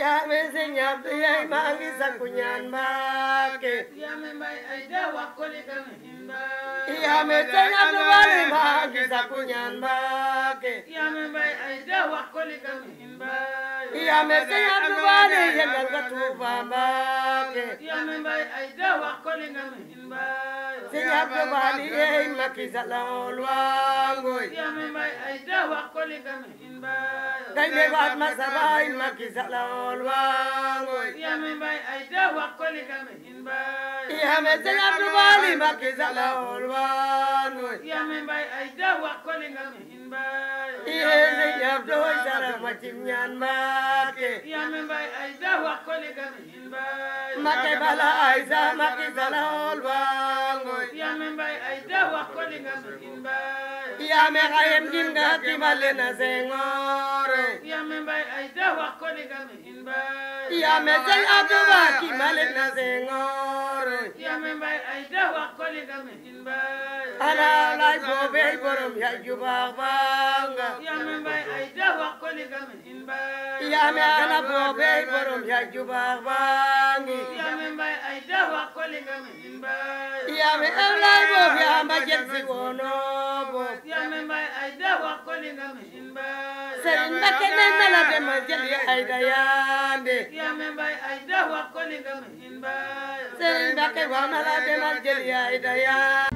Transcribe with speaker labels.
Speaker 1: yaa me sëñ Abdu yaay maa ngi sakku ñaan Mbàkke yaa me mbay ay da wax ko li kan Mbàkke
Speaker 2: yaa me sëñ Abdu Bali maa ngi sakku ñaan Mbàkke
Speaker 1: yaa me mbay ay da wax ko li kan Mbàkke yaa me sëñ Abdu Bali yendal ka Tuuba Mbàkke yaa me mbay ay da wax ko li kan Mbàkke sëñ Abdu Bali yeey makki sa laol wangoy day beegaat ma sabaay ma kisalool waangoy yame seyab du baali ma kisalool waangoy iye seyab du way sara ma cimñaan maake make bala aysa ma kisalool waangoy yaame xayem dinga kimale na Senghor yaame mbay ay da wax ko ni gami in bay
Speaker 2: yaame sey abuba mbay
Speaker 1: ay da wax ko ni in bay ala lay bobe borom ya juba banga yaame mbay ay da wax ko ni gami in bay yaame ala borom ya juba bangi yaame mbay ay da wax ko ni gami in bay yaame ala bobe amba jetsi sëriñ Mbakke ne na la demal jëli ay dayaande sëriñ Mbakke wax na la demal jëli ay dayaande